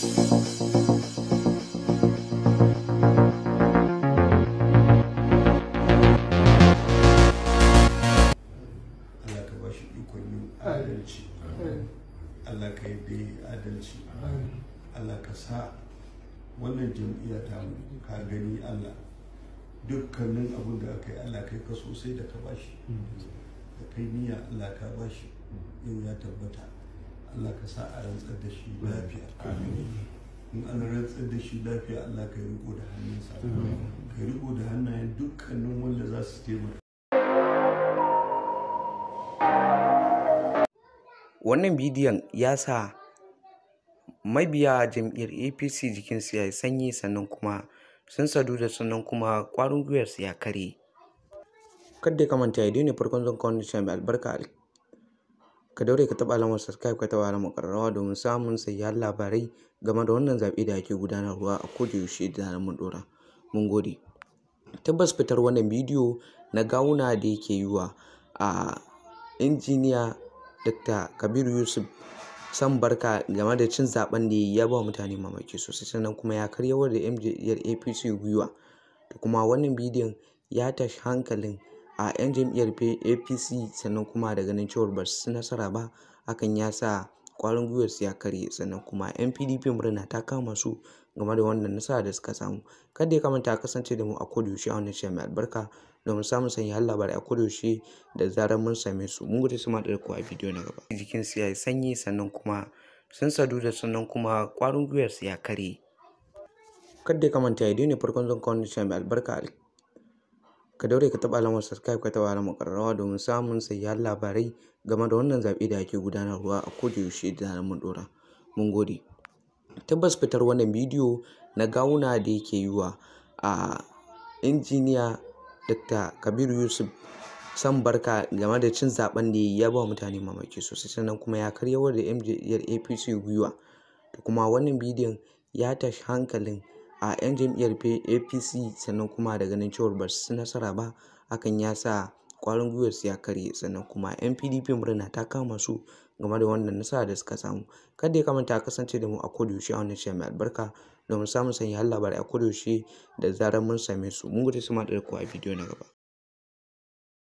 adalci Allah ka yi adalci Allah ka sa wannan jam'iyya ta ka gani Allah dukkanin abin da aka yi Allah kai ka sosai da ka bashi mm. da kai niyya Allah ka bashi mm. yau ya tabbata Allah ka sa a rantsar da shi lafiya in an rantsar da shi lafiya Allah ka yi riko da hannunsa ka yi riko da hannayen dukkanin wanda za su taimaka wannan bidiyon ya sa mabiya jam'iyyar apc jikinsu ya yi sanyi sannan kuma sun sadu da sannan kuma ƙwarin gwiwarsu ya kare Kadda ka manta ya daina farkon zan kawo mai albarka ka daure ka taɓa alamar subscribe ka taɓa alamar ƙararrawa domin samun sahihan labarai game da wannan zaɓe da ake gudanarwa a kodayaushe da zarar mun ɗora mun gode tabbas fitar wannan bidiyo na gawuna da yake yi wa a injiniya dr kabiru yusuf san barka game da cin zaben da ya ba mutane mamaki sosai sannan kuma ya karyawar da mjr apc gwiwa da kuma wannan bidiyon ya tashi hankalin a 'yan jam'iyyar apc sannan kuma da ganin cewar ba su nasara ba hakan ya sa ƙwarin su ya karye sannan kuma 'yan pdp murna ta kama su game da wannan nasara da suka samu kada ya kamanta kasance da mu a yaushe a wannan shirin mai albarka domin samun sanyi labarai a yaushe da zarar mun same su mun gode su ma da ku a bidiyo na gaba jikinsu ya yi sanyi sannan kuma sun sadu da sannan kuma ƙwarin su ya karye kada ya kamanta ya daina farkon zan kawo wannan shirin mai albarka ka daure ka taɓa alamar subscribe ka taɓa alamar ƙararrawa domin samun sahihan labarai game da wannan zaɓe da ake gudanarwa a kodayaushe da zarar mun ɗora mun gode tabbas fitar wannan bidiyo na gawuna da yake yi wa a injiniya dr kabiru yusuf san barka game da cin zaben da ya ba mutane mamaki sosai sannan kuma ya karyawar da mjr apc gwiwa da kuma wannan bidiyon ya tashi hankalin a 'yan jam'iyyar apc sannan kuma da ganin cewar ba su nasara ba hakan ya sa ƙwarin su ya karye sannan kuma 'yan pdp murna ta kama su game da wannan nasara da suka samu kada ya kamanta a kasance da mu a kodayaushe a wannan shirin mai albarka domin samun sanyi har labarai a kodayaushe da zarar mun same su mun gode su ma da a bidiyo na gaba